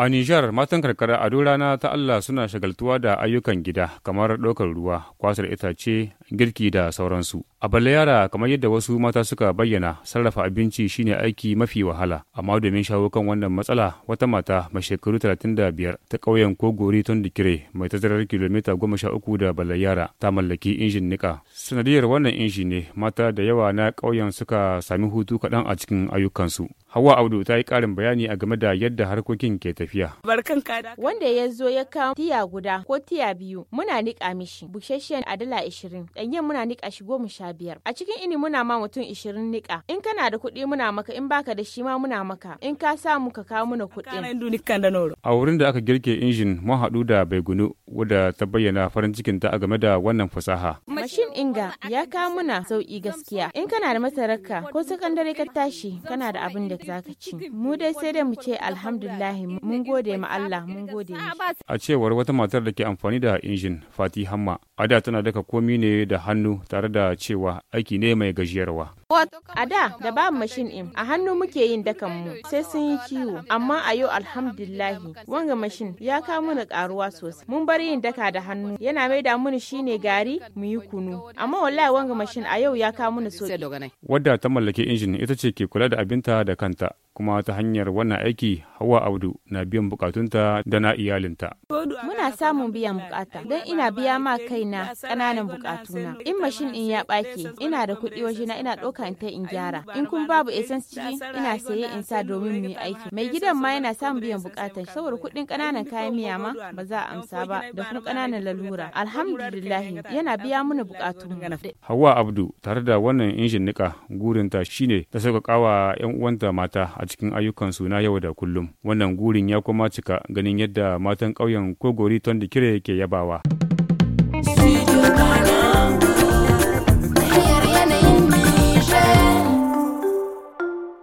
A Nijar, matan karkara a duk rana ta Allah suna shagaltuwa da ayyukan gida kamar ɗaukar ruwa, kwasar itace, girki da sauransu. A balayara kamar yadda wasu mata suka bayyana sarrafa abinci shine aiki mafi wahala, amma domin shawo kan wannan matsala wata mata mai shekaru 35 ta ƙauyen Kogori Tondikire mai tazarar kilomita 13 da Balayara ta mallaki injin nika. Sanadiyar wannan inji ne mata da yawa na ƙauyen suka sami hutu kaɗan a cikin ayyukansu. Hawa Audu ta yi ƙarin bayani a game da yadda harkokin ke tafiya. Wanda ya zo ya kawo tiya guda ko tiya biyu muna niƙa mishi busheshen a dala 20 ɗanyen muna nika shi goma sha biyar a cikin ini muna ma mutum ishirin nika in kana da kuɗi muna maka in baka da shi ma muna maka in ka samu ka kawo muna kuɗi. a wurin da aka girke injin mun haɗu da baigunu wadda ta bayyana farin ta a game da wannan fasaha. Mashin inga ya kawo muna sauki gaskiya. In kana da masarakka ko sakandare ka tashi kana da abin da zaka ci. Mu dai sai dai mu ce alhamdulillah mun gode ma Allah mun gode. A cewar wata matar da ke amfani da injin Fati Hamma, a tana daka komi ne da hannu tare da cewa aiki ne mai gajiyarwa. A da da ba mashin ɗin a hannu muke yin dakan mu sai sun yi kiwo amma a yau alhamdulillahi wanga mashin ya kawo mana karuwa sosai. Mun bar yin daka da hannu yana mai da mun shine gari mu yi kunu amma wallahi wanga mashin a yau ya kawo mana sauki. Wadda ta mallaki injin ita ce ke kula da abinta da kanta. kuma ta hanyar wannan aiki hawa abdu na biyan bukatunta da na iyalinta muna samun biyan bukata don ina biya ma kaina kananan bukatuna in mashin in ya ɓake ina da kuɗi waje na ina ɗauka in ta in gyara in kun babu esan ciki ina saye in sa domin mu yi aiki mai gidan ma yana samun biyan bukatar saboda kuɗin kananan kayan miya ma ba za a amsa ba da kuma ƙananan lalura alhamdulillah yana biya mana bukatu hawa abdu tare da wannan injin nika gurinta shine ta sauƙaƙa wa 'yan uwanta mata a cikin ayyukan suna yau da kullum. Wannan gurin ya kuma cika ganin yadda matan ƙauyen Kogori kire ke yabawa.